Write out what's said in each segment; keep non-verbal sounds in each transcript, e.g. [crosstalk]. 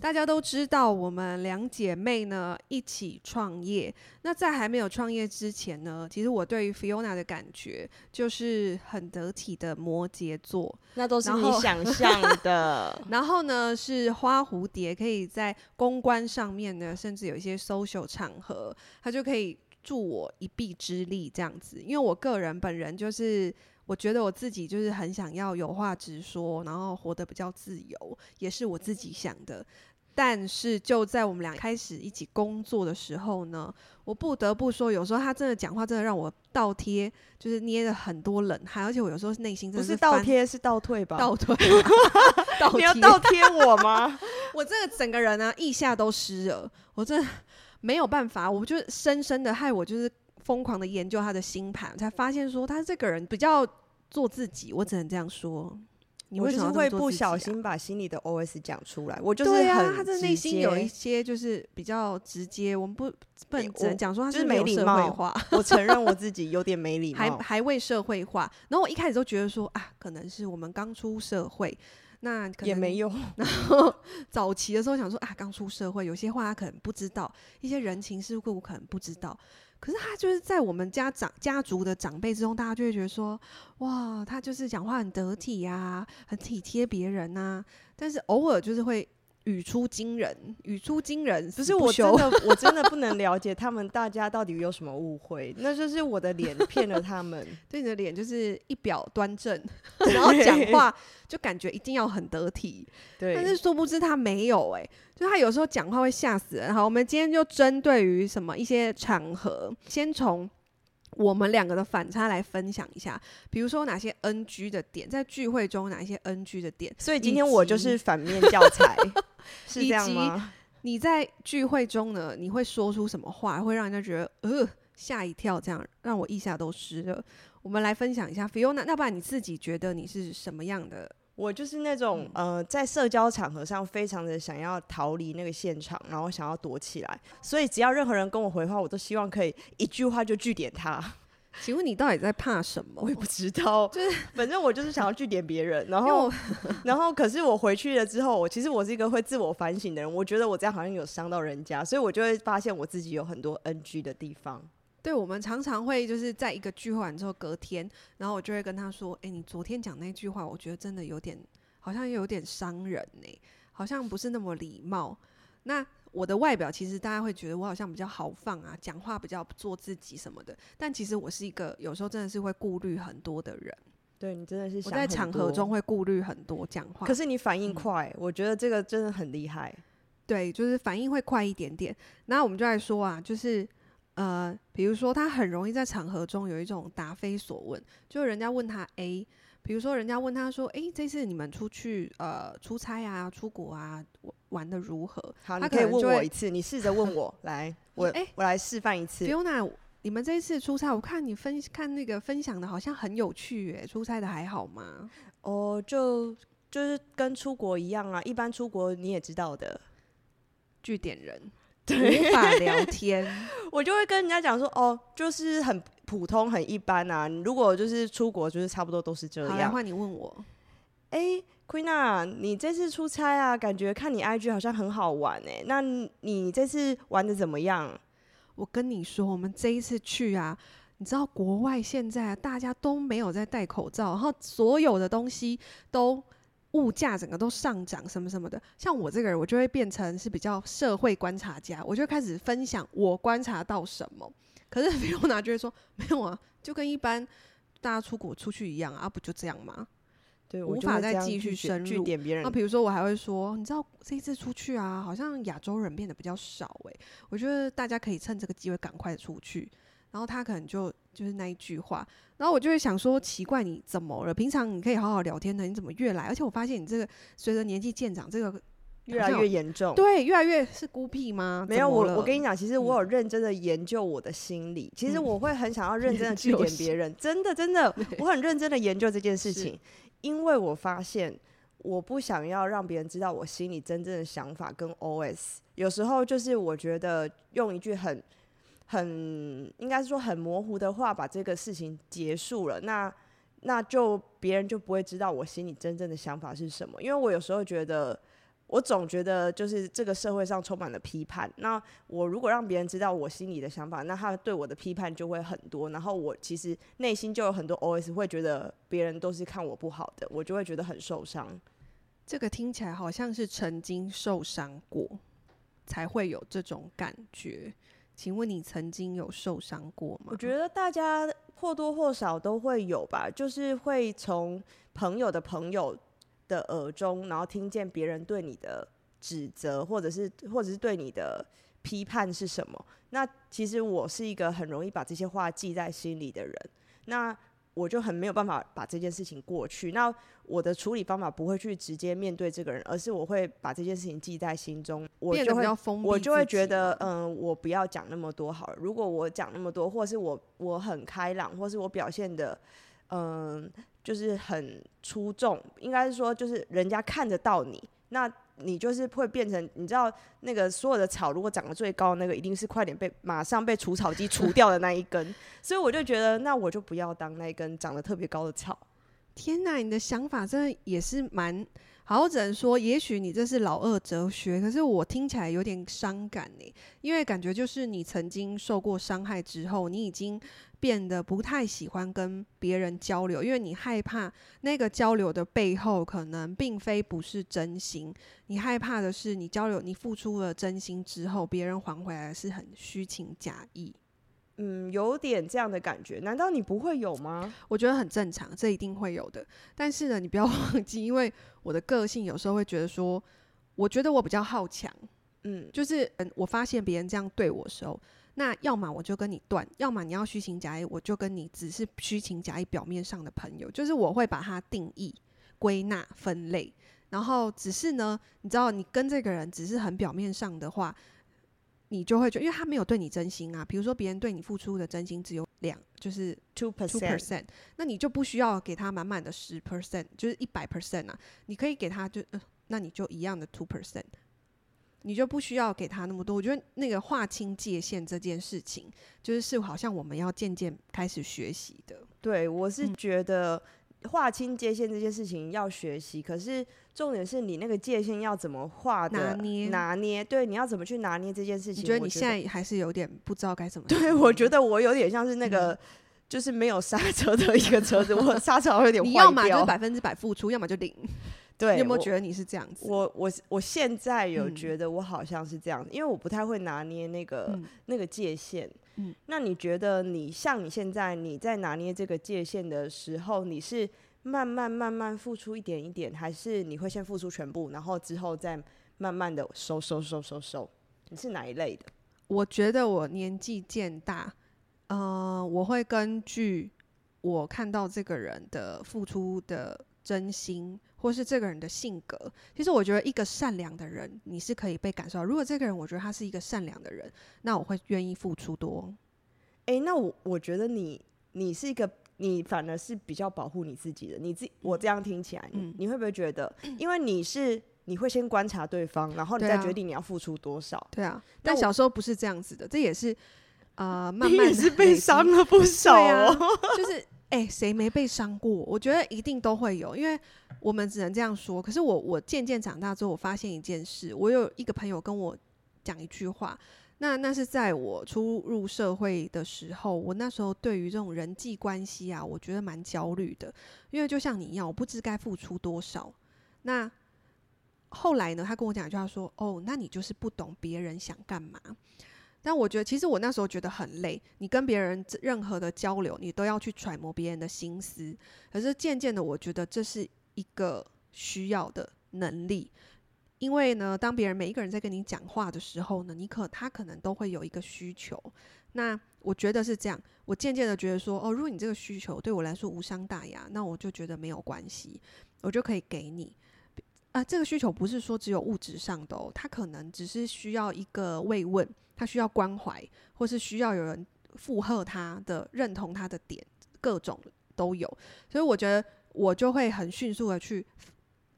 大家都知道，我們兩姐妹呢一起創業。那在還沒有創業之前呢，其實我對於 Fiona 的感覺就是很得體的摩羯座。那都是後你想象的。 [laughs] 然後呢，是花蝴蝶，可以在公關上面呢，甚至有一些 social 場合，他就可以助我一臂之力這樣子。因為我個人本人就是，我覺得我自己就是很想要有話直說，然後活得比較自由，也是我自己想的。嗯但是就在我們倆開始一起工作的時候呢，我不得不說，有時候他真的講話真的讓我倒貼，就是捏了很多冷汗，而且我有時候內心真的是，是倒貼是倒退吧，倒退，你要倒貼我嗎？ [laughs] 我這個整個人啊，腋下都濕了，我真沒有辦法，我就深深的害我就是瘋狂的研究他的星盤，才發現說他這個人比較做自己，我只能這樣說。我就是會不小心把心裡的 O S 講出來，我就是很直接。對、啊、他的內心有一些就是比較直接，我們不不能，只能講說他是沒禮貌。我承認我自己有點沒禮貌， [laughs] 還還未社會化。然後我一開始都覺得說啊，可能是我們剛出社會，那也沒有。然後早期的時候想說啊，剛出社會，有些話他可能不知道，一些人情世故我可能不知道。可是他就是在我們家長家族的長輩之中，大家就會覺得說，哇，他就是講話很得體呀、啊，很體貼別人吶、啊。但是偶爾就是會語出驚人，語出驚人，不是我覺得修我真的不能了解他們大家到底有什麼誤會。 [laughs] 那就是我的臉騙了他們， [laughs] 對，你的臉就是一表端正，然後講話就感覺一定要很得體，對。但是殊不知他沒有哎、欸。就他有時候講話會嚇死人。好，我們今天就針對於什麼一些場合，先從我們兩個的反差來分享一下，比如說哪些 NG 的點，在聚會中哪些 NG 的點。所以今天我就是反面教材， [laughs] 是這樣嗎？你在聚會中呢，你會說出什麼話會讓人家覺得呃嚇一跳？這樣讓我一下都濕了。我們來分享一下，Fiona，要不然你自己覺得你是什麼樣的？我就是那種、嗯、呃，在社交場合上，非常的想要逃離那個現場，然後想要躲起來。所以只要任何人跟我回話，我都希望可以一句話就句點他。請問你到底在怕什麼？我也不知道，就是反正我就是想要句點別人。 [laughs] 然後，為然後可是我回去了之後，我其實我是一個會自我反省的人，我覺得我這樣好像有傷到人家，所以我就會發現我自己有很多 NG 的地方。對，我們常常會就是在一個聚會完之後隔天，然後我就會跟他說：“哎、欸，你昨天講那句話，我覺得真的有點，好像有點傷人呢、欸，好像不是那麼禮貌。”那我的外表其實大家會覺得我好像比較豪放啊，講話比較做自己什麼的，但其實我是一個有時候真的是會顧慮很多的人。對，你真的是想我在場合中會顧慮很多，講話。可是你反應快，嗯、我覺得這個真的很厲害。對，就是反應會快一點點。然後我們就來說啊，就是。呃，比如說他很容易在場合中有一種答非所問，就人家問他 A，、欸、比如說人家問他說，誒、欸，這次你們出去呃出差啊，出國啊，玩的如何？好他可你可以問我一次，你試着問我 [laughs] 來，我、欸、我來示範一次。Fiona，你們這次出差，我看你分看那個分享的，好像很有趣誒、欸，出差的還好嗎？哦、oh,，就就是跟出國一樣啦、啊，一般出國你也知道的，句點人。對，吧聊天， [laughs] 我就會跟人家講說，哦，就是很普通、很一般啊。如果就是出國，就是差不多都是這樣。然後，你問我，欸 Queena，你這次出差啊，感覺看你 IG 好像很好玩呢？、欸。那你這次玩的怎麼樣？我跟你說，我們這一次去啊，你知道國外現在大家都沒有在戴口罩，然後所有的東西都。物價整個都上漲，什麼什麼的。像我這個人，我就會變成是比較社會觀察家，我就開始分享我觀察到什麼。可是 Fiona 就會說：“沒有啊，就跟一般大家出國出去一樣啊，啊不就這樣嗎？”對，無法再繼續深入。那比如說，我還會說，你知道這次出去啊，好像亞洲人變得比較少誒、欸。我覺得大家可以趁這個機會趕快出去。然後他可能就。就是那一句話，然後我就會想說，奇怪，你怎麼了？平常你可以好好聊天的，你怎麼越來……而且我發現你這個隨着年紀漸長，這個越來越嚴重。對，越來越是孤僻嗎？沒有，我我跟你講，其實我有認真的研究我的心理。嗯、其實我會很想要認真的去點別人、嗯真，真的真的， [laughs] 對 我很認真的研究這件事情，是因為我發現我不想要讓別人知道我心裡真正的想法跟 OS。有時候就是我覺得用一句很。很，應該是說很模糊的話，把這個事情結束了，那，那就別人就不會知道我心裡真正的想法是什麼。因為我有時候覺得，我總覺得就是這個社會上充滿了批判。那我如果讓別人知道我心裡的想法，那他對我的批判就會很多。然後我其實內心就有很多 OS，會覺得別人都是看我不好的，我就會覺得很受傷。這個聽起來好像是曾經受傷過，才會有這種感覺。請問你曾經有受傷過嗎？我覺得大家或多或少都會有吧，就是會從朋友的朋友的耳中，然後聽見別人對你的指責，或者是或者是對你的批判是什麼。那其實我是一個很容易把這些話記在心裡的人。那我就很沒有辦法把這件事情過去。那我的處理方法不會去直接面對這個人，而是我會把這件事情記在心中。我就會，我就會覺得，嗯、呃，我不要講那麼多好了。如果我講那麼多，或是我我很開朗，或是我表現得，嗯、呃，就是很出眾，應該是說，就是人家看得到你那。你就是會變成，你知道那個所有的草，如果長得最高那個，一定是快點被馬上被除草機除掉的那一根。 [laughs] 所以我就覺得，那我就不要當那一根長得特別高的草。天哪，你的想法真的也是蠻。好，我只能說，也許你這是老二哲學，可是我聽起來有點傷感呢、欸，因為感覺就是你曾經受過傷害之後，你已經變得不太喜歡跟別人交流，因為你害怕那個交流的背後可能並非不是真心，你害怕的是你交流你付出了真心之後，別人還回來是很虛情假意。嗯，有點這樣的感覺，難道你不會有嗎？我覺得很正常，這一定會有的。但是呢，你不要忘記，因為我的個性有時候會覺得說，我覺得我比較好強。嗯，就是嗯，我發現別人這樣對我的時候，那要麼我就跟你斷，要麼你要虛情假意，我就跟你只是虛情假意表面上的朋友。就是我會把它定義、歸納、分類，然後只是呢，你知道，你跟這個人只是很表面上的話。你就會覺得，因為他沒有對你真心啊。比如說，別人對你付出的真心只有兩，就是 two percent，那你就不需要給他滿滿的十 percent，就是一百 percent 啊。你可以給他就，就、呃、那你就一樣的 two percent，你就不需要給他那麼多。我覺得那個劃清界限這件事情，就是是好像我們要漸漸開始學習的。對，我是覺得。嗯劃清界限這件事情要學習，可是重點是你那個界限要怎麼畫？拿捏，拿捏。對，你要怎麼去拿捏這件事情？你覺得你現在還是有點不知道該怎麼做？對，我覺得我有點像是那個，嗯、就是沒有剎車的一個車子，我剎車好像有點壞掉。 [laughs] 你要麼就百分之百付出，要麼就零。對，你有沒有覺得你是這樣子？我我我現在有覺得我好像是這樣、嗯、因為我不太會拿捏那個、嗯、那個界限。那你覺得，你像你現在你在拿捏這個界限的時候，你是慢慢慢慢付出一點一點，還是你會先付出全部，然後之後再慢慢的收收收收收？你是哪一類的？我覺得我年紀漸大，呃，我會根據我看到這個人的付出的真心。或是這個人的性格，其實我覺得一個善良的人，你是可以被感受到。如果這個人我覺得他是一個善良的人，那我會願意付出多。哎、欸，那我我覺得你你是一個，你反而是比較保護你自己的。你自我這樣聽起來、嗯你，你會不會覺得，嗯、因為你是你會先觀察對方，然後你再決定你要付出多少？對啊，我對啊。但小時候不是這樣子的，這也是啊，呃、比 慢慢是被傷了不少了。對啊，就是哎，誰、欸、沒被傷過？我覺得一定都會有，因為。我們只能這樣說。可是我我漸漸長大之後，我發現一件事。我有一個朋友跟我講一句話，那那是在我初入社會的時候。我那時候對於這種人際關係啊，我覺得蠻焦慮的，因為就像你一樣，我不知該付出多少。那後來呢，他跟我講一句話說：“哦，那你就是不懂別人想幹嘛。”但我覺得，其實我那時候覺得很累。你跟別人任何的交流，你都要去揣摩別人的心思。可是漸漸的，我覺得這是。一個需要的能力，因為呢，當別人每一個人在跟你講話的時候呢，你可他可能都會有一個需求。那我覺得是這樣，我漸漸的覺得說，哦，如果你這個需求對我來說無傷大雅，那我就覺得沒有關係，我就可以給你。啊，這個需求不是說只有物質上的，哦，他可能只是需要一個慰問，他需要關懷，或是需要有人附和他的認同他的點，各種都有。所以我覺得。我就會很迅速的去，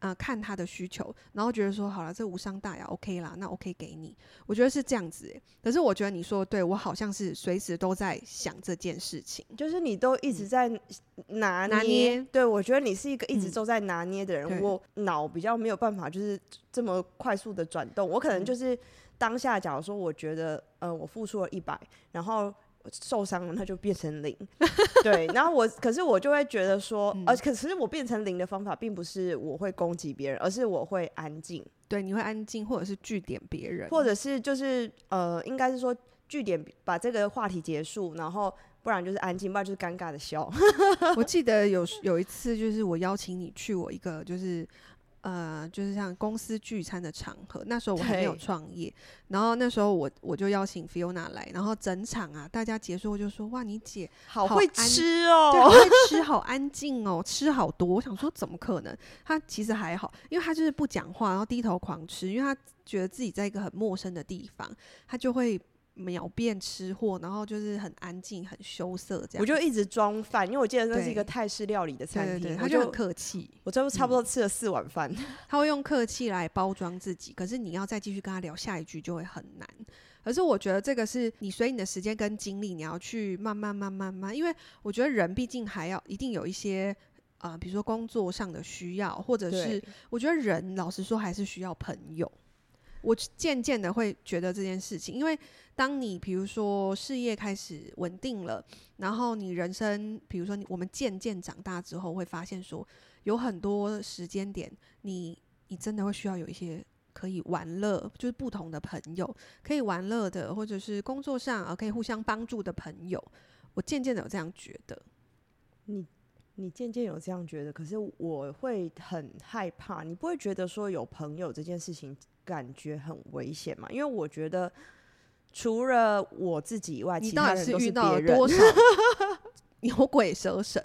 啊、呃，看他的需求，然後覺得說好了，這無傷大雅，OK 啦，那 OK 給你。我覺得是這樣子，可是我覺得你說的對，我好像是隨時都在想這件事情，就是你都一直在拿捏、嗯、拿捏。對，我覺得你是一個一直都在拿捏的人。我、嗯、腦比較沒有辦法，就是這麼快速的轉動。我可能就是當下，假如說我覺得，呃，我付出了一百，然後，受傷了，他就變成零， [laughs] 對。然後我，可是我就會覺得說，呃，可是我變成零的方法，並不是我會攻擊別人，而是我會安靜。對，你會安靜，或者是句點別人，或者是就是呃，應該是說句點把這個話題結束，然後不然就是安靜，不然就是尷尬的笑。 [laughs] 我記得有有一次，就是我邀請你去我一個就是。呃，就是像公司聚餐的場合，那時候我還沒有創業，對然後那時候我我就邀請 Fiona 來，然後整場啊，大家結束後就說：“哇，你姐好會吃哦、喔，對，吃好安靜哦、喔， [laughs] 吃好多。”我想說，怎麼可能？她其實還好，因為她就是不講話，然後低頭狂吃，因為她覺得自己在一個很陌生的地方，她就會。秒變吃貨，然後就是很安靜、很羞澀這樣。我就一直裝飯，因為我記得那是一個泰式料理的餐廳，他就很客氣。我，就我差不多吃了四碗飯、嗯，他會用客氣來包裝自己，可是你要再繼續跟他聊下一句就會很難。可是我覺得這個是你隨你的時間跟精力，你要去慢慢、慢慢，慢、慢，因為我覺得人畢竟還要一定有一些啊、呃，比如說工作上的需要，或者是對我覺得人老實說還是需要朋友。我漸漸的會覺得這件事情，因為當你比如說事業開始穩定了，然後你人生比如說我們漸漸長大之後，會發現說有很多時間點你、你你真的會需要有一些可以玩樂，就是不同的朋友可以玩樂的，或者是工作上啊可以互相幫助的朋友。我漸漸的有這樣覺得，你你漸漸有這樣覺得。可是我會很害怕，你不會覺得說有朋友這件事情，感覺很危險嘛？因為我覺得，除了我自己以外，其他人都是別人。到有鬼蛇神，神，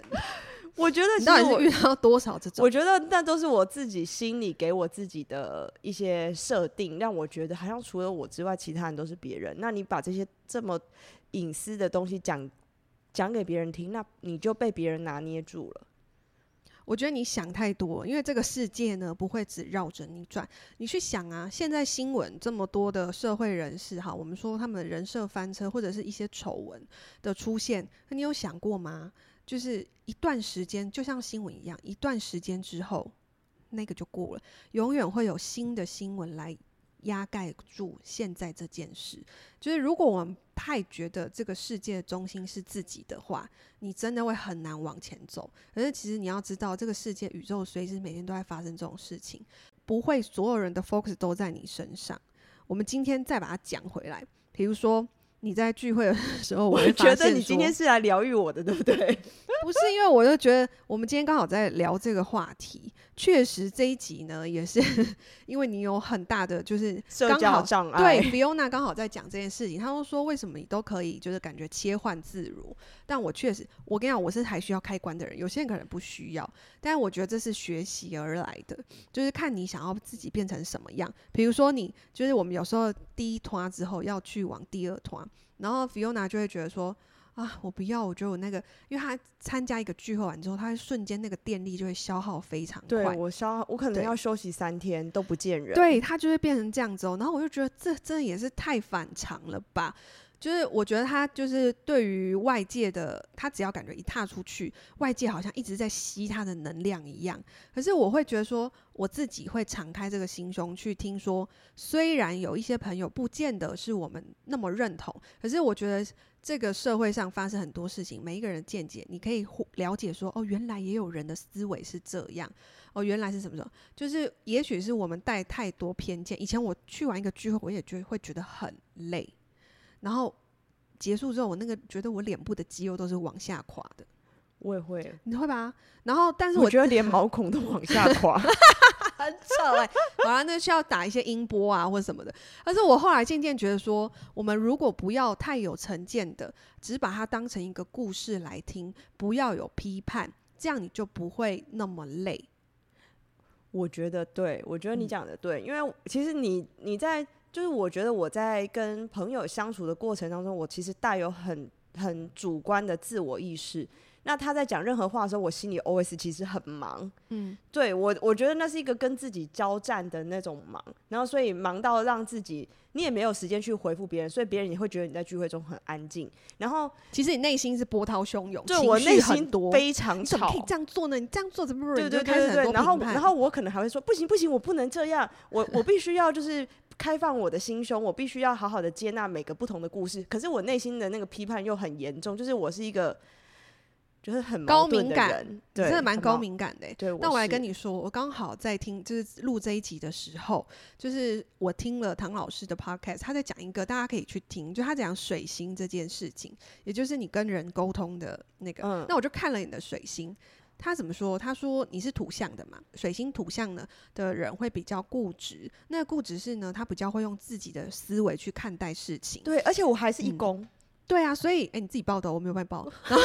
我覺得我你到底是遇到多少這種？我覺得那都是我自己心裡給我自己的一些設定，讓我覺得好像除了我之外，其他人都是別人。那你把這些這麼隱私的東西講講給別人聽，那你就被別人拿捏住了。我覺得你想太多了，因為這個世界呢，不會只繞着你轉。你去想啊，現在新聞這麼多的社會人士，哈，我們說他們的人設翻車或者是一些醜聞的出現，你有想過嗎？就是一段時間，就像新聞一樣，一段時間之後，那個就過了，永遠會有新的新聞來。壓蓋住現在這件事，就是如果我們太覺得這個世界的中心是自己的話，你真的會很難往前走。可是其實你要知道，這個世界宇宙隨時每天都在發生這種事情，不會所有人的 focus 都在你身上。我們今天再把它講回來，譬如說。你在聚會的時候，我會我覺得你今天是來療癒我的，對不對？ [laughs] 不是，因為我就覺得我們今天剛好在聊這個話題。確實，這一集呢也是因為你有很大的就是剛好社交障礙。對，Fiona 剛好在講這件事情。他說：“說為什麼你都可以就是感覺切換自如？”但我確實，我跟你講，我是還需要開關的人。有些人可能不需要，但我覺得這是學習而來的，就是看你想要自己變成什麼樣。比如說你，你就是我們有時候第一團之後要去往第二團。然後 Fiona 就會覺得說，啊，我不要，我覺得我那個，因為他參加一個聚會完之後，他瞬間那個電力就會消耗非常快，對，我消耗，我可能要休息三天都不見人，對他就會變成這樣子哦，然後我就覺得這真的也是太反常了吧。就是我覺得他就是對於外界的，他只要感覺一踏出去，外界好像一直在吸他的能量一樣。可是我會覺得說，我自己會敞開這個心胸去聽說，雖然有一些朋友不見得是我們那麼認同，可是我覺得這個社會上發生很多事情，每一個人見解，你可以了解說，哦，原來也有人的思維是這樣，哦，原來是什麼時候，就是也許是我們帶太多偏見。以前我去完一個聚會，我也覺會覺得很累。然後結束之後，我那個覺得我臉部的肌肉都是往下垮的。我也會，你會吧？然後，但是我，我覺得連毛孔都往下垮，很醜哎。完了，那需要打一些音波啊，或者什麼的。但是我後來漸漸覺得說，我們如果不要太有成見的，只把它當成一個故事來聽，不要有批判，這樣你就不會那麼累。我覺得對，我覺得你講的對，嗯，因為其實你你在。就是我覺得我在跟朋友相處的過程當中，我其實帶有很很主觀的自我意識。那他在講任何話的時候，我心裡 OS 其實很忙。嗯，對，我我覺得那是一個跟自己交戰的那種忙。然後所以忙到讓自己你也沒有時間去回復別人，所以別人也會覺得你在聚會中很安靜。然後其實你內心是波濤洶湧，對，我內心多非常吵。你可以這樣做呢？你這樣做怎麼？對，對對對對。然後然後我可能還會說不行不行，我不能這樣，我我必須要就是。 [laughs] 開放我的心胸，我必須要好好的接納每個不同的故事。可是我內心的那個批判又很嚴重，就是我是一個，就是很高敏感，對你真的蠻高敏感的、欸。對，我是。那我還跟你說，我剛好在聽，就是錄這一集的時候，就是我聽了唐老師的 podcast，他在講一個大家可以去聽，就他講水星這件事情，也就是你跟人溝通的那個。嗯、那我就看了你的水星。他怎麼說？他說你是土象的嘛，水星土象呢的人會比較固執。那個，固執是呢，他比較會用自己的思維去看待事情。對，而且我還是一宮、嗯。對啊，所以誒，欸，你自己報的、哦，我沒有辦法報。 [laughs] 然後，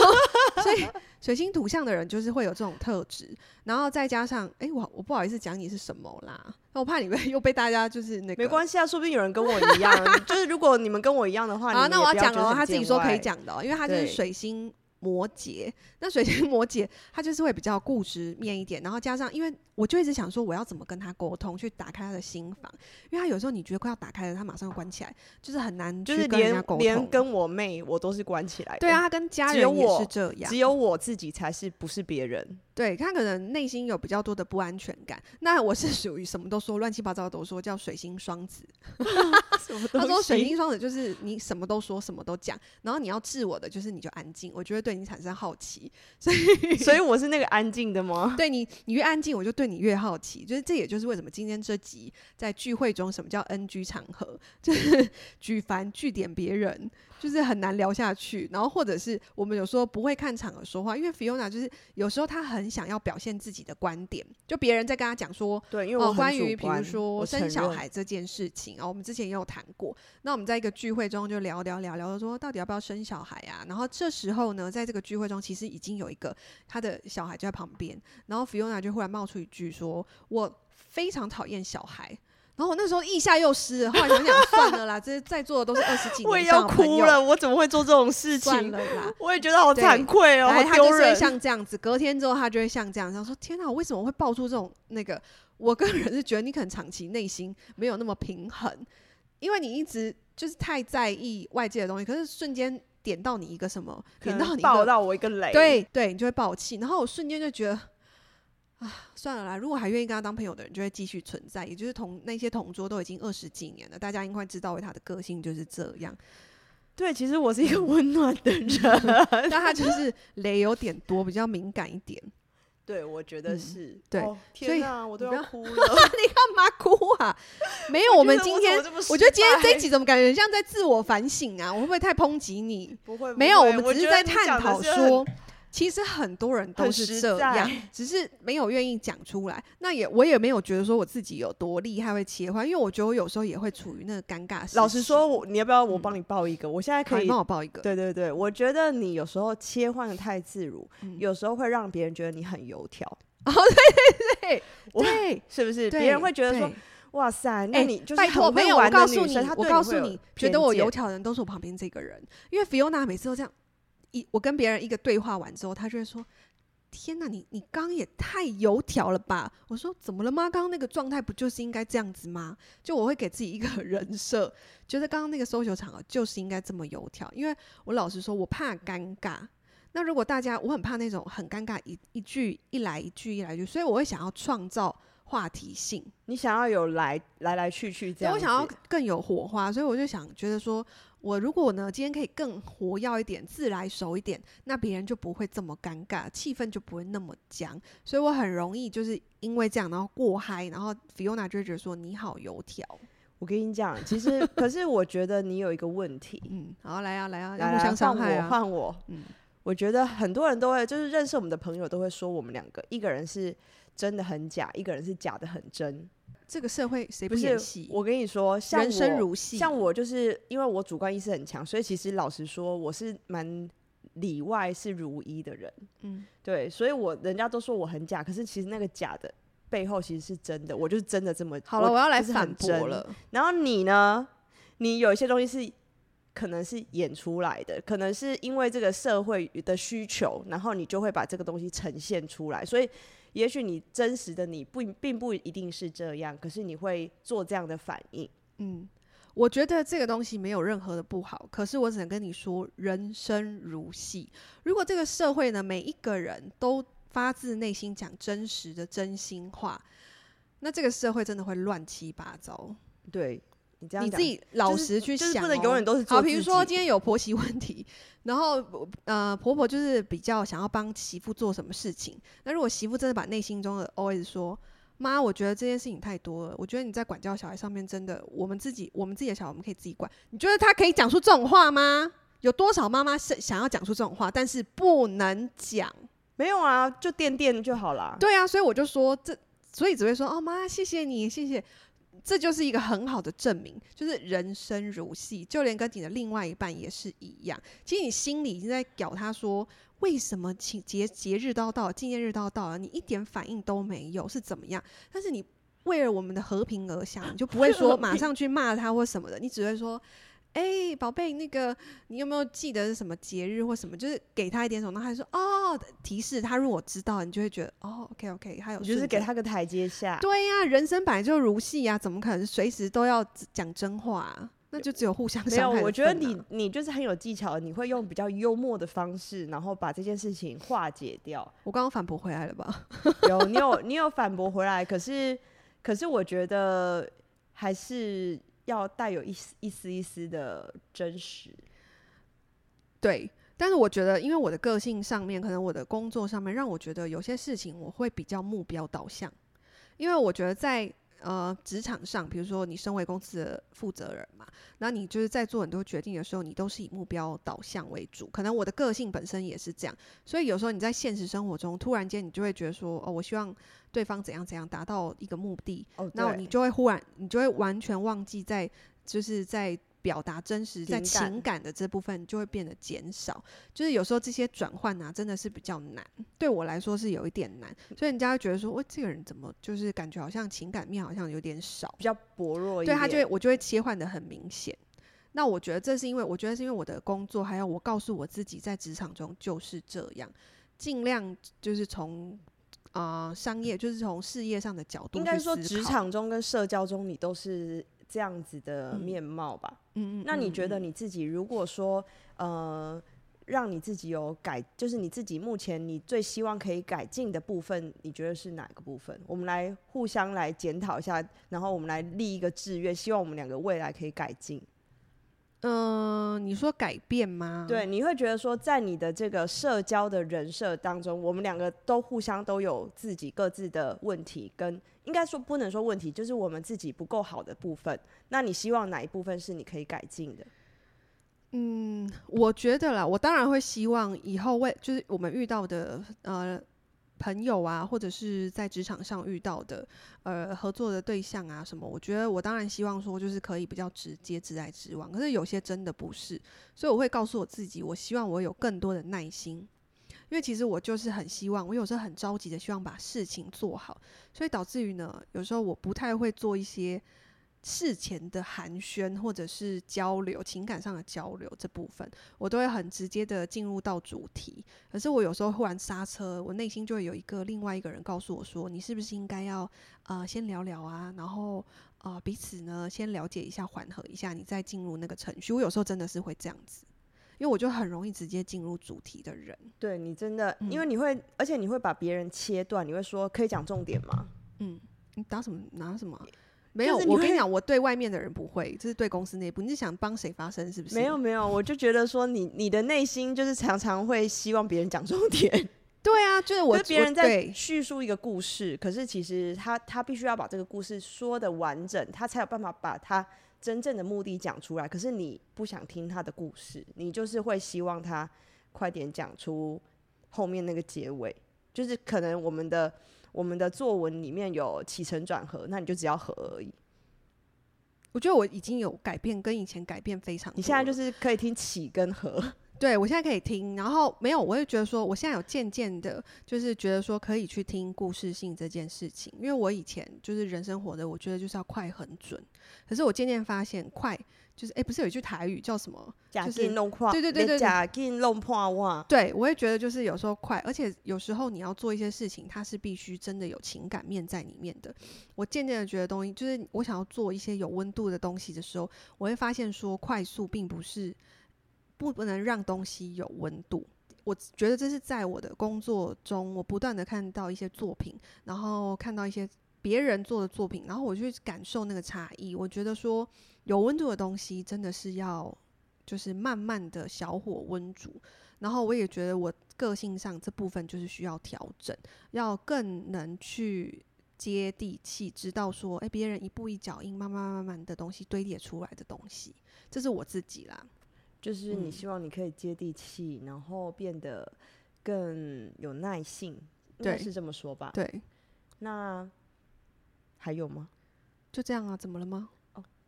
所以水星土象的人就是會有這種特質。然後再加上，誒、欸，我我不好意思講你是什麼啦，我怕你們又被大家就是那個。沒關係啊，說不定有人跟我一樣。 [laughs] 就是如果你們跟我一樣的話，啊， [laughs] 那我要講了，他自己說可以講的、哦，因為他就是水星。摩羯，那水星摩羯，他就是會比較固執面一點，然後加上，因為我就一直想說，我要怎麼跟他溝通，去打開他的心房，因為他有時候你覺得快要打開了，他馬上就關起來，就是很難，就是連連跟我妹，我都是關起來的。對啊，他跟家人也是這樣只，只有我自己才是，不是別人。對，他可能內心有比較多的不安全感。那我是屬於什麼都說，亂七八糟都說，叫水星雙子。 [laughs] 他說水星雙子就是你什麼都說，什麼都講，然後你要治我的就是你就安靜，我就會對你產生好奇。所以所以我是那個安靜的嗎？對你，你越安靜，我就對你越好奇。就是這也就是為什麼今天這集在聚會中什麼叫 NG 場合，就是舉凡句點，別人就是很難聊下去，然後或者是我們有時候不會看場合說話，因為 Fiona 就是有時候她很。很想要表現自己的觀點，就別人在跟他講說，對，因為我、哦、關於比如說生小孩這件事情啊、哦，我們之前也有談過。那我們在一個聚會中就聊聊聊聊說，到底要不要生小孩啊？然後這時候呢，在這個聚會中，其實已經有一個他的小孩就在旁邊，然後 Fiona 就忽然冒出一句說：“我非常討厭小孩。”然後我那時候腋下又濕，後來想想算了啦。 [laughs] 這在座的都是二十幾年，我也要哭了。我怎麼會做這種事情了啦？我也覺得好慚愧哦，好丟人。他就會像這樣子，人隔天之後他就會像這樣子，他說：“天哪，我為什麼會爆出這種那個？”我個人是覺得你可能長期內心沒有那麼平衡，因為你一直就是太在意外界的東西，可是瞬間點到你一個什麼，點到你爆到我一個雷，對對，你就會爆氣。然後我瞬間就覺得。算了啦！如果還願意跟他當朋友的人，就會繼續存在。也就是同那些同桌都已經二十幾年了，大家應該知道，為他的個性就是這樣。對，其實我是一個溫暖的人， [laughs] 但他就是雷有點多，比較敏感一點。對，我覺得是、嗯、對。哦、天哪，所以我都要哭了！ [laughs] 你幹嘛哭啊？沒有，我們今天，我覺得怎麼這麼失敗？我覺得今天這一集怎麼感覺像在自我反省啊？我會不會太抨擊你？不會不會，沒有，我們只是在探討說。其實很多人都是這樣，只是沒有願意講出來。那也我也沒有覺得說我自己有多厲害會切換，因為我覺得我有時候也會處於那個尷尬。老實說，我，你要不要我幫你報一個？我現在可以幫我報一個。對對對，我覺得你有時候切換的太自如，有時候會讓別人覺得你很油條。哦，對對對，對，是不是？別人會覺得說，哇塞，那你就是很沒有我告訴你，他我告訴你，覺得我油條的人都是我旁邊這個人，因為 Fiona 每次都這樣。一我跟別人一個對話完之後，他就會說：“天哪，你你剛也太油條了吧！”我說：“怎麼了嗎？剛剛那個狀態不就是應該這樣子嗎？”就我會給自己一個人設，覺得剛剛那個 social 場合，就是應該這麼油條，因為我老實說，我怕尷尬。那如果大家，我很怕那種很尷尬一，一一句一來一句一來一句，所以我會想要創造話題性，你想要有來來來去去這樣，我想要更有火花，所以我就想覺得說。我如果呢，今天可以更活躍一點、自來熟一點，那別人就不會這麼尷尬，氣氛就不會那麼僵，所以我很容易就是因為這樣，然後過嗨，然後 Fiona 就覺得說你好油條。我跟你講，其實 [laughs] 可是我覺得你有一個問題，嗯，好啊，來啊來啊，來換我換我，嗯，我覺得很多人都會，就是認識我們的朋友都會說我們兩個，一個人是真的很假，一個人是假的很真。這個社會誰不，不是？我跟你說，像我人生如戲。像我就是因為我主觀意識很強，所以其實老實說，我是蠻裡外是如一的人。嗯，對，所以我人家都說我很假，可是其實那個假的背後其實是真的，我就是真的這麼。好了，我，我要來反駁了。然後你呢？你有一些東西是可能是演出來的，可能是因為這個社會的需求，然後你就會把這個東西呈現出來，所以。也許你真實的你不並不一定是這樣，可是你會做這樣的反應。嗯，我覺得這個東西沒有任何的不好，可是我只能跟你說，人生如戲。如果這個社會呢，每一個人都發自內心講真實的真心話，那這個社會真的會亂七八糟。對。你，你自己老實去想，哦，就是就是，不能永遠都是做自己。比如說，今天有婆媳問題，然後呃，婆婆就是比較想要幫媳婦做什麼事情。那如果媳婦真的把內心中的 OS 說：“媽，我覺得這件事情太多了，我覺得你在管教小孩上面真的，我們自己我們自己的小孩我們可以自己管。”你覺得她可以講出這種話嗎？有多少媽媽是想要講出這種話，但是不能講？沒有啊，就墊墊就好了。對啊，所以我就說，這所以只會說：“哦，媽，謝謝你，謝謝。”這就是一個很好的證明，就是人生如戲，就連跟你的另外一半也是一樣。其實你心裡已經在屌他，說為什麼節節日都到，到了，紀念日都到，到了，你一點反應都沒有是怎麼樣？但是你為了我們的和平而想，你就不會說馬上去罵他或什麼的，你只會說。哎，寶貝、欸，那個你有沒有記得是什麼節日或什麼？就是給他一點什麼，然後他還說哦，提示他如果知道，你就會覺得哦，OK OK，還有就是給他個台階下。對呀、啊，人生本來就如戲呀、啊，怎麼可能隨時都要講真話、啊？那就只有互相傷害、啊。沒有，我覺得你你就是很有技巧，你會用比較幽默的方式，然後把這件事情化解掉。我剛剛反駁回來了吧？ [laughs] 有，你有你有反駁回來，可是可是我覺得還是。要帶有一絲一絲一絲的真實，對。但是我覺得，因為我的個性上面，可能我的工作上面，讓我覺得有些事情我會比較目標導向，因為我覺得在。呃，職場上，比如說你身為公司的負責人嘛，那你就是在做很多決定的時候，你都是以目標導向為主。可能我的個性本身也是這樣，所以有時候你在現實生活中，突然間你就會覺得說，哦，我希望對方怎樣怎樣達到一個目的，哦，那你就會忽然，你就會完全忘記在，就是在。表達真實在情感的這部分就會變得減少，情感，就是有時候這些轉換呢真的是比較難，對我來說是有一點難，所以人家會覺得說，喂，這個人怎麼就是感覺好像情感面好像有點少，比較薄弱一點。對，他就會我就會切換得很明顯，那我覺得這是因為我覺得是因為我的工作還有我告訴我自己在職場中就是這樣，儘量就是從啊、呃、商業就是從事業上的角度，應該說，職場中跟社交中你都是。這樣子的面貌吧，嗯，那你覺得你自己如果說，嗯、呃，讓你自己有改，就是你自己目前你最希望可以改進的部分，你覺得是哪個部分？我們來互相來檢討一下，然後我們來立一個志願，希望我們兩個未來可以改進。嗯、呃，你說改變嗎？對，你會覺得說，在你的這個社交的人設當中，我們兩個都互相都有自己各自的問題，跟應該說不能說問題，就是我們自己不夠好的部分。那你希望哪一部分是你可以改進的？嗯，我覺得啦，我當然會希望以後會，就是我們遇到的呃。朋友啊，或者是在職場上遇到的，呃，合作的對象啊，什麼，我覺得我當然希望說，就是可以比較直接、直來直往。可是有些真的不是，所以我會告訴我自己，我希望我有更多的耐心，因為其實我就是很希望，我有時候很着急的希望把事情做好，所以導致於呢，有時候我不太會做一些。事前的寒暄或者是交流、情感上的交流這部分，我都會很直接的進入到主題。可是我有時候忽然剎車，我內心就會有一個另外一個人告訴我說：“你是不是應該要呃先聊聊啊，然後呃彼此呢先了解一下，緩和一下，你再進入那個程序。”我有時候真的是會這樣子，因為我就很容易直接進入主題的人。對，你真的，因為你會，嗯、而且你會把別人切斷，你會說：“可以講重點嗎？”嗯，你打什麼？拿什麼？沒有，我跟你講，我對外面的人不會，這、就是對公司內部。你是想幫誰發聲，是不是？沒有沒有，我就覺得說你，你你的內心就是常常會希望別人講重點。 [laughs] 對啊，就是我別人在敘述一個故事，可是其實他他必須要把這個故事說得完整，他才有辦法把他真正的目的講出來。可是你不想聽他的故事，你就是會希望他快點講出後面那個結尾。就是可能我們的。我們的作文裡面有起承轉合，那你就只要合而已。我覺得我已經有改變，跟以前改變非常多了。你現在就是可以聽起跟合，對我現在可以聽，然後沒有，我就覺得說我現在有漸漸的，就是覺得說可以去聽故事性這件事情，因為我以前就是人生活的，我覺得就是要快狠準，可是我漸漸發現快。就是哎，欸、不是有一句台語叫什麼？弄就是，對對對對，吃緊弄破。對我會覺得，就是有時候快，而且有時候你要做一些事情，它是必須真的有情感面在裡面的。我漸漸的覺得，東西就是我想要做一些有溫度的東西的時候，我會發現說，快速並不是不能讓東西有溫度。我覺得這是在我的工作中，我不斷的看到一些作品，然後看到一些別人做的作品，然後我去感受那個差異。我覺得說。有溫度的東西真的是要，就是慢慢的小火溫煮，然後我也覺得我個性上這部分就是需要調整，要更能去接地氣，知道說，哎、欸，別人一步一腳印，慢慢慢慢慢的東西堆疊出來的東西。這是我自己啦，就是你希望你可以接地氣，嗯、然後變得更有耐性，對，是這麼說吧？對，那還有嗎？就這樣啊？怎麼了嗎？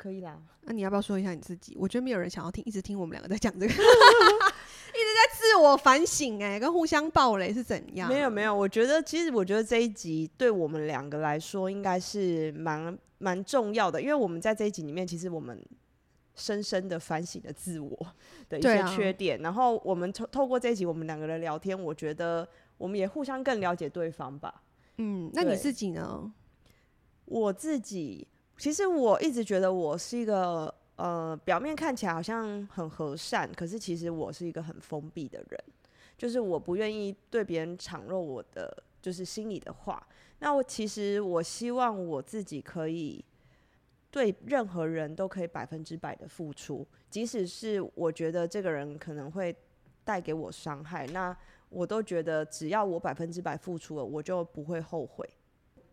可以啦，那、啊、你要不要說一下你自己？我覺得沒有人想要聽，一直聽我們兩個在講這個， [laughs] [laughs] 一直在自我反省、欸，哎，跟互相爆雷是怎樣？沒有沒有，我覺得其實我覺得這一集對我們兩個來說應該是蠻蠻重要的，因為我們在這一集裡面，其實我們深深的反省了自我的一些缺點，啊、然後我們透透過這一集我們兩個人聊天，我覺得我們也互相更了解對方吧。嗯，那你自己呢？我自己。其實我一直覺得我是一個，呃，表面看起來好像很和善，可是其實我是一個很封閉的人，就是我不願意對別人敞露我的，就是心裡的話。那我其實我希望我自己可以對任何人都可以百分之百的付出，即使是我覺得這個人可能會帶給我傷害，那我都覺得只要我百分之百付出了，我就不會後悔。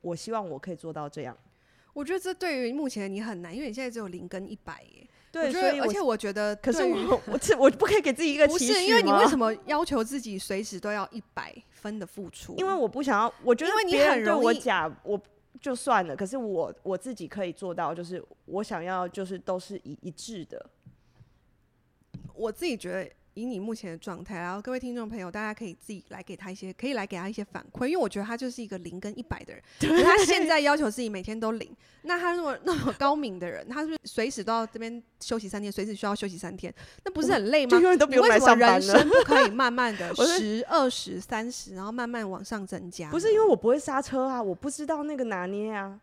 我希望我可以做到這樣。我覺得這對於目前你很難，因為你現在只有零跟一百耶。對，所以而且我覺得，可是我我我，我不可以給自己一個期許嗎？ [laughs] 不是，因為你為什麼要求自己隨時都要一百分的付出？因為我不想要，我覺得很因為你很容易我假我就算了。可是我我自己可以做到，就是我想要，就是都是一一致的。我自己覺得。以你目前的狀態，然後各位聽眾朋友，大家可以自己來給他一些，可以來給他一些反饋，因為我覺得他就是一個零跟一百的人，對他現在要求自己每天都零，那他那麼那麼高明的人，他是,不是隨時都要這邊休息三天，隨時需要休息三天，那不是很累嗎？為,為什麼人生不可以慢慢的十 [laughs] 是、二十、三十，然後慢慢往上增加？不是因為我不會剎車啊，我不知道那個拿捏啊，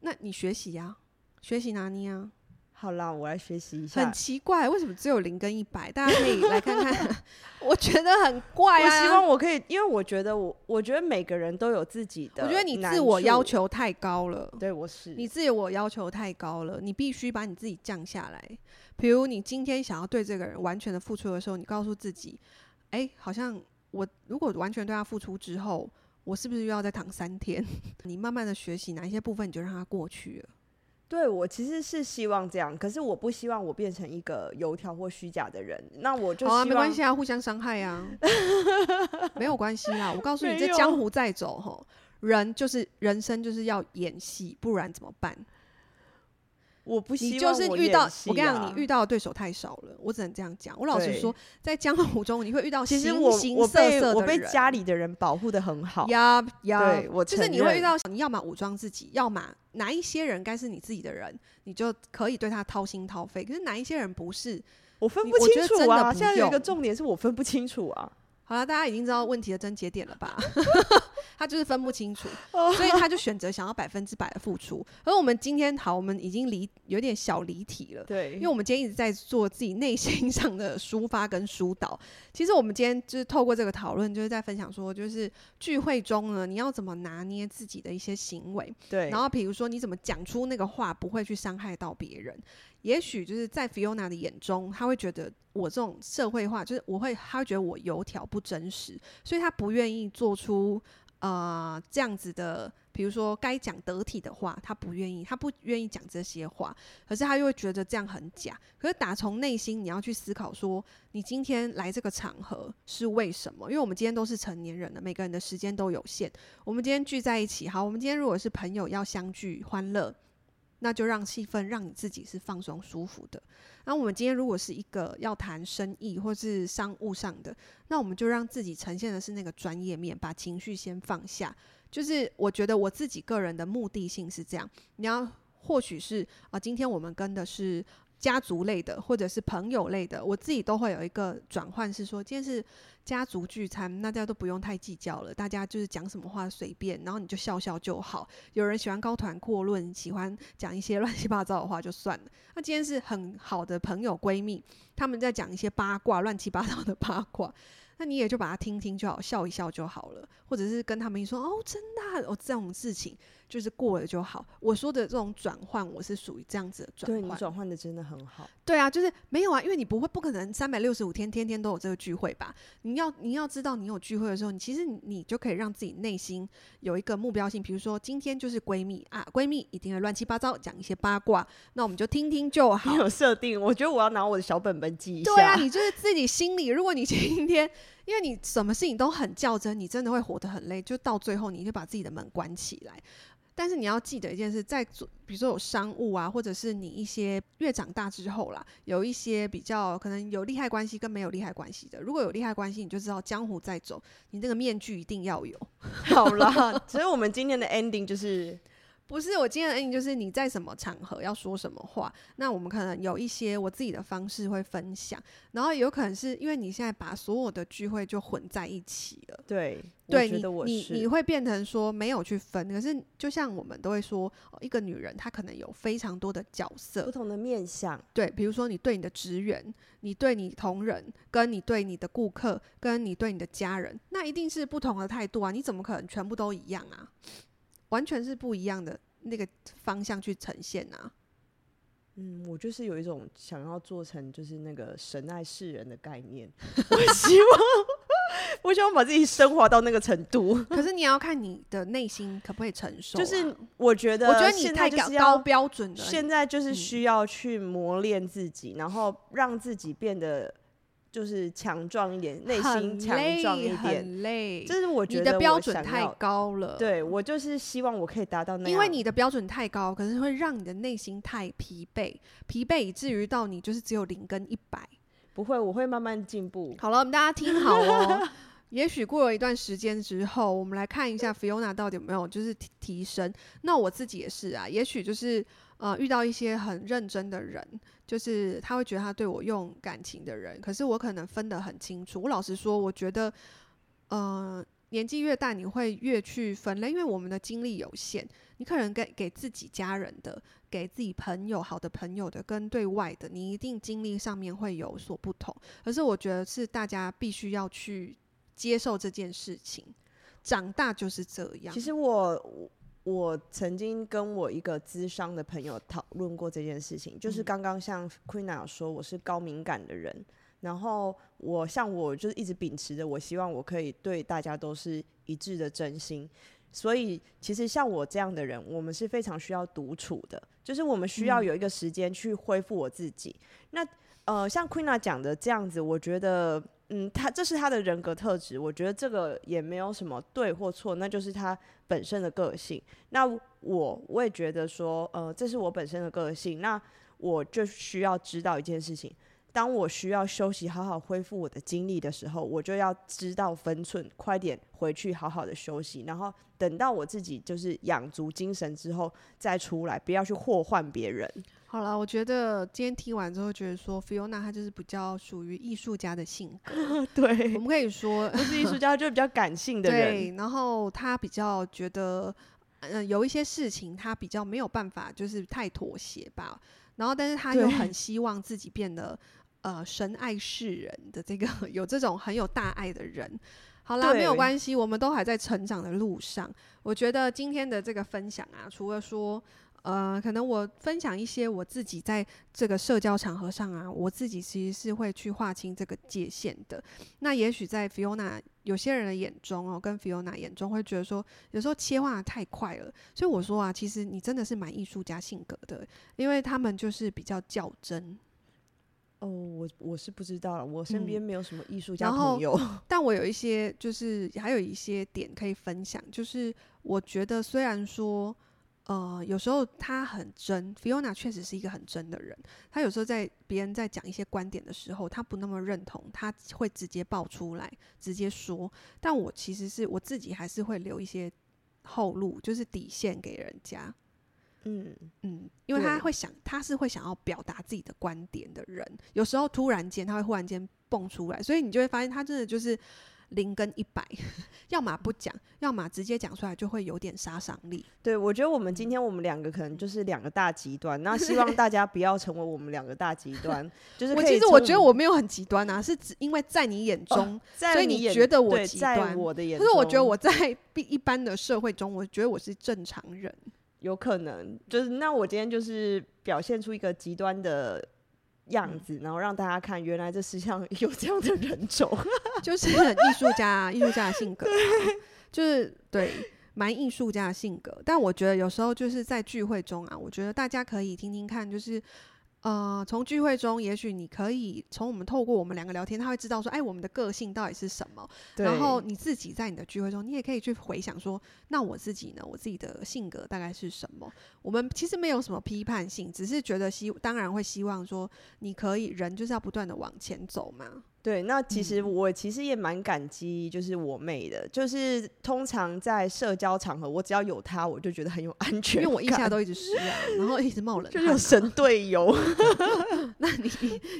那你學習呀、啊，學習拿捏啊。好啦，我來學習一下。很奇怪，為什麼只有零跟一百？大家可以來看看，我覺得很怪啊。我希望我可以，因為我覺得我，我覺得每個人都有自己的。我覺得你自我要求太高了。對，我是。你自我要求太高了，你必須把你自己降下來。比如你今天想要對這個人完全的付出的時候，你告訴自己，哎、欸，好像我如果完全對他付出之後，我是不是又要再躺三天？你慢慢的學習哪一些部分，你就讓它過去了。對，我其實是希望這樣，可是我不希望我變成一個油條或虛假的人，那我就好、啊，沒關係啊，互相傷害啊， [laughs] 沒有關係啦、啊。我告訴你，這有江湖在走，哈，人就是人生就是要演戲，不然怎麼辦？我不希望我、啊，你就是你遇到我跟你講，你遇到的對手太少了，我只能這樣講。我老實說，對在江湖中你會遇到形形色色、色的人我我。我被家裡的人保護得很好呀呀，yep, yep, 對我就是你會遇到，你要麼武裝自己，要麼哪一些人該是你自己的人，你就可以對他掏心掏肺。可是哪一些人不是，我分不清楚啊。真的現在有一個重點是我分不清楚啊。好了，大家已經知道問題的症結點了吧？ [laughs] 他就是分不清楚，oh. 所以他就選擇想要百分之百的付出。而我們今天好，我們已經離有點小離題了，對，因為我們今天一直在做自己內心上的抒發跟疏導。其實我們今天就是透過這個討論，就是在分享說，就是聚會中呢，你要怎麼拿捏自己的一些行為，對，然後比如說你怎麼講出那個話不會去傷害到別人。也許就是在 Fiona 的眼中，他會覺得我這種社會化就是我會，他會覺得我油條不真實，所以他不願意做出。啊、呃，這樣子的，比如說該講得體的話，他不願意，他不願意講這些話，可是他又會覺得這樣很假。可是打從內心，你要去思考說，你今天來這個場合是為什麼？因為我們今天都是成年人了，每個人的時間都有限。我們今天聚在一起，好，我們今天如果是朋友要相聚歡樂，歡樂。那就讓氣氛、讓你自己是放鬆舒服的。那我們今天如果是一個要談生意或是商務上的，那我們就讓自己呈現的是那個專業面，把情緒先放下。就是我覺得我自己個人的目的性是這樣，你要或許是啊、呃，今天我們跟的是。家族類的，或者是朋友類的，我自己都會有一個轉換，是說今天是家族聚餐，大家都不用太計較了，大家就是講什麼話隨便，然後你就笑笑就好。有人喜歡高談闊論，喜歡講一些亂七八糟的話就算了。那今天是很好的朋友閨蜜，他們在講一些八卦，亂七八糟的八卦，那你也就把它聽聽就好，笑一笑就好了，或者是跟他們一說哦，真的啊，哦，這種事情。就是過了就好。我說的這種轉換，我是屬於這樣子的轉換。對，你轉換得真的很好。對啊，就是沒有啊，因為你不會不可能三百六十五天天天都有這個聚會吧？你要你要知道，你有聚會的時候，你其實你，你就可以讓自己內心有一個目標性。比如說，今天就是閨蜜啊，閨蜜一定要亂七八糟講一些八卦，那我們就聽聽就好。你有設定，我覺得我要拿我的小本本記一下。對啊，你就是自己心裡，如果你今天。因為你什麼事情都很較真，你真的會活得很累，就到最後你就把自己的門關起來。但是你要記得一件事，在做，比如說有商務啊，或者是你一些越長大之後啦，有一些比較可能有利害關係跟沒有利害關係的。如果有利害關係，你就知道江湖在走，你這個面具一定要有。好了啦， [laughs] 所以我們今天的 ending 就是。不是我今天的恩義，就是你在什麼場合要說什麼話，那我們可能有一些我自己的方式會分享，然後有可能是因為你現在把所有的聚會就混在一起了，對，對我覺得我是你你你會變成說沒有去分，可是就像我們都會說，一個女人她可能有非常多的角色，不同的面相，對，比如說你對你的職員，你對你同仁，跟你對你的顧客，跟你對你的家人，那一定是不同的態度啊，你怎麼可能全部都一樣啊？完全是不一樣的那個方向去呈現吶、啊。嗯，我就是有一種想要做成就是那個神愛世人的概念， [laughs] 我希望，我希望把自己升華到那個程度。可是你要看你的內心可不可以承受、啊。就是我覺得，我覺得你太高高標準了。現在就是需要去磨練自己，嗯、然後讓自己變得。就是強壯一點，內心強壯一點。累，就是我覺得我你的標準太高了。對，我就是希望我可以達到那。因為你的標準太高，可是會讓你的內心太疲憊，疲憊以至於到你就是只有零跟一百。不會，我會慢慢進步。好了，我們大家聽好哦。 [laughs] 也許過了一段時間之後，我們來看一下 Fiona 到底有沒有就是提提升？那我自己也是啊，也許就是。呃，遇到一些很認真的人，就是他會覺得他對我用感情的人，可是我可能分得很清楚。我老實說，我覺得，呃，年紀越大，你會越去分類，因為我們的精力有限，你可能給給自己家人的，給自己朋友好的朋友的，跟對外的，你一定精力上面會有所不同。可是我覺得是大家必須要去接受這件事情，長大就是這樣。其實我。我我曾經跟我一個諮商的朋友討論過這件事情，嗯、就是剛剛像 Queena 說，我是高敏感的人，然後我像我就是一直秉持着，我希望我可以對大家都是一致的真心，所以其實像我這樣的人，我們是非常需要獨處的，就是我們需要有一個時間去恢復我自己。嗯、那呃，像 Queena 講的這樣子，我覺得。嗯，他這是他的人格特質，我覺得這個也沒有什麼對或錯，那就是他本身的個性。那我我也覺得說，呃，這是我本身的個性。那我就需要知道一件事情，當我需要休息、好好恢復我的精力的時候，我就要知道分寸，快點回去好好的休息，然後等到我自己就是養足精神之後再出來，不要去禍患別人。好了，我覺得今天聽完之後覺得說 Fiona 她就是比較屬於藝術家的性格。對，我們可以說不是藝術家， [laughs] 就是比較感性的人。對，然後她比較覺得，嗯、呃，有一些事情她比較沒有辦法，就是太妥協吧。然後，但是她又很希望自己變得對呃，神愛世人的這個有這種很有大愛的人。好啦，對沒有關係，我們都還在成長的路上。我覺得今天的這個分享啊，除了說。呃，可能我分享一些我自己在這個社交場合上啊，我自己其實是會去劃清這個界限的。那也許在 Fiona 有些人的眼中哦、喔，跟 Fiona 眼中會覺得說，有時候切換太快了。所以我說啊，其實你真的是蠻藝術家性格的，因為他們就是比較較真。哦，我我是不知道了，我身邊沒有什麼藝術家朋友、嗯， [laughs] 但我有一些，就是還有一些點可以分享，就是我覺得雖然說。呃，有時候他很真，Fiona 確實是一個很真的人。他有時候在別人在講一些觀點的時候，他不那麼認同，他會直接爆出來，直接說。但我其實是我自己還是會留一些後路，就是底線給人家。嗯嗯，因為他會想，他是會想要表達自己的觀點的人。有時候突然間他會忽然間蹦出來，所以你就會發現他真的就是。零跟一百，要麼不講，要麼直接講出來就會有點殺傷力。對，我覺得我們今天我們兩個可能就是兩個大極端，那、嗯、希望大家不要成為我們兩個大極端。 [laughs] 就是，我其實我覺得我沒有很極端啊，是只因為在你眼中，呃、在你眼，所以你覺得我極端。在我的眼中，可是我覺得我在一般的社會中，我覺得我是正常人。有可能就是，那我今天就是表現出一個極端的樣子，然後讓大家看，原來這世上有這樣的人種， [laughs] 就是藝術家、啊，藝術 [laughs] 家的性格、啊，對 就是對，蠻藝術家的性格，但我覺得有時候就是在聚會中啊，我覺得大家可以聽聽看，就是。呃，從聚會中，也許你可以從我們透過我們兩個聊天，他會知道說，哎，我們的個性到底是什麼。對然後你自己在你的聚會中，你也可以去回想說，那我自己呢？我自己的性格大概是什麼？我們其實沒有什麼批判性，只是覺得希當然會希望說，你可以人就是要不斷的往前走嘛。對，那其實我、嗯、其實也蠻感激，就是我妹的，就是通常在社交場合，我只要有她，我就覺得很有安全感，因為我一下都一直需要， [laughs] 然後一直冒冷汗，啊，就是神隊友。 [laughs] [laughs] [laughs] 那你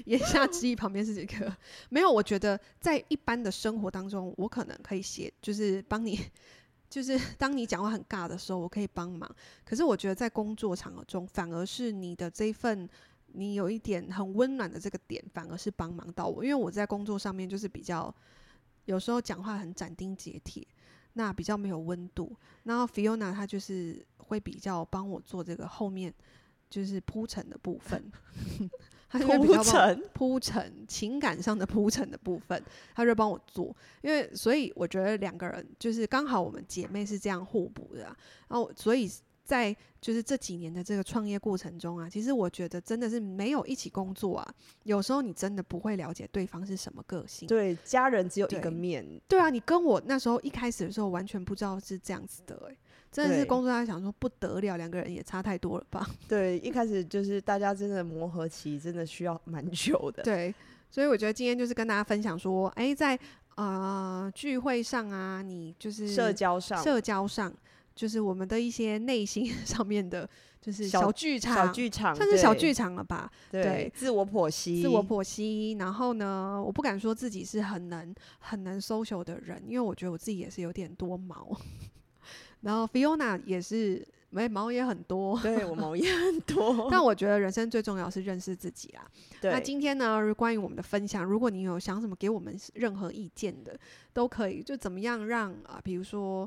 言下之意，旁邊是幾個？沒有，我覺得在一般的生活當中，我可能可以寫，就是幫你，就是當你講話很尬的時候，我可以幫忙。可是我覺得在工作場合中，反而是你的這一份。你有一點很溫暖的這個點，反而是幫忙到我，因為我在工作上面就是比較，有時候講話很斬釘截鐵，那比較沒有溫度。然後 Fiona 她就是會比較幫我做這個後面就是鋪陳的部分，鋪陳，她就比較幫我鋪陳情感上的鋪陳的部分，她就幫我做。因為所以我覺得兩個人就是剛好我們姐妹是這樣互補的啊，然後所以。在就是這幾年的這個創業過程中啊，其實我覺得真的是沒有一起工作啊，有時候你真的不會了解對方是什麼個性。對，家人只有一個面。對。對啊，你跟我那時候一開始的時候完全不知道是這樣子的，欸，哎，真的是工作上想說不得了，兩對個人也差太多了吧？對，一開始就是大家真的磨合期真的需要蠻久的。對，所以我覺得今天就是跟大家分享說，哎，欸，在啊、呃、聚會上啊，你就是社交上，社交上。就是我們的一些內心上面的，就是小劇場，小劇場算是小劇場了吧？對，對對自我剖析，自我剖析。然後呢，我不敢說自己是很能、很難 social 的人，因為我覺得我自己也是有點多毛。 [laughs] 然後 Fiona 也是，沒毛也很多，對，我毛也很多。 [laughs] [laughs] 但我覺得人生最重要是認識自己啊。對那今天呢，關於我們的分享，如果你有想什麼給我們任何意見的，都可以。就怎麼樣讓啊，比如說。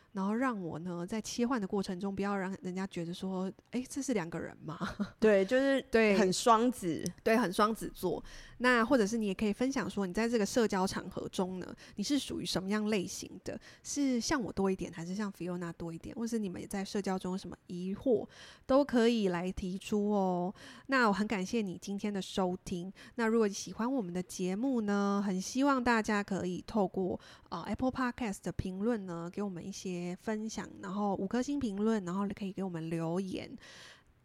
然後讓我呢，在切換的過程中，不要讓人家覺得說，哎，這是兩個人嗎？對，就是對，很雙子，對，很雙子座。那或者是你也可以分享說，你在這個社交場合中呢，你是屬於什麼樣類型的？是像我多一點，還是像 Fiona 多一點？或是你們在社交中有什麼疑惑，都可以來提出哦。那我很感謝你今天的收聽。那如果喜歡我們的節目呢，很希望大家可以透過啊、呃、Apple Podcast 的評論呢，給我們一些。分享，然後五顆星評論，然後可以給我們留言。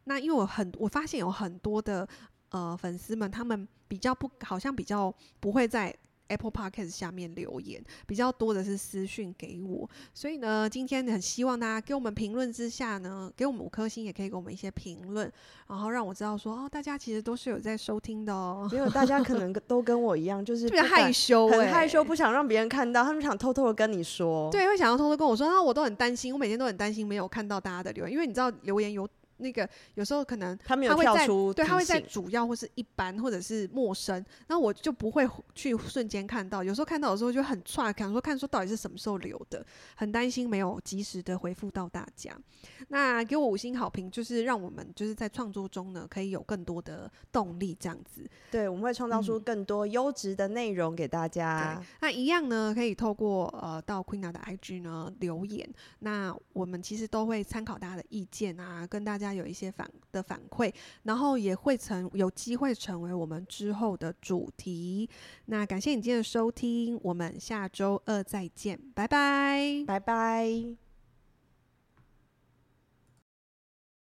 那因為我很，我發現有很多的，呃，粉絲們，他們比較不，好像比較不會在。Apple Podcast 下面留言比較多的是私訊給我，所以呢，今天很希望大家給我們評論之下呢，給我們五顆星，也可以給我們一些評論，然後讓我知道說，哦，大家其實都是有在收聽的哦。沒有，大家可能都跟我一樣， [laughs] 就是特別害羞， [laughs] 很害羞，不想讓別人看到，他們想偷偷的跟你說，對，會想要偷偷跟我說，那我都很擔心，我每天都很擔心沒有看到大家的留言，因為你知道留言有。那個有時候可能他,他沒有跳出，對他會在主要或是一般或者是陌生，那我就不會去瞬間看到。有時候看到的時候就很剉，看說看說到底是什麼時候留的，很擔心沒有及時的回覆到大家。那給我五星好評，就是讓我們就是在創作中呢，可以有更多的動力這樣子。對，我們會創造出更多優質的內容給大家、嗯。那一樣呢，可以透過呃到 Queena 的 IG 呢留言，那我們其實都會參考大家的意見啊，跟大家。大家有一些反的反饋，然後也會成有機會成為我們之後的主題。那感謝你今天的收聽，我們下周二再見，拜拜，拜拜。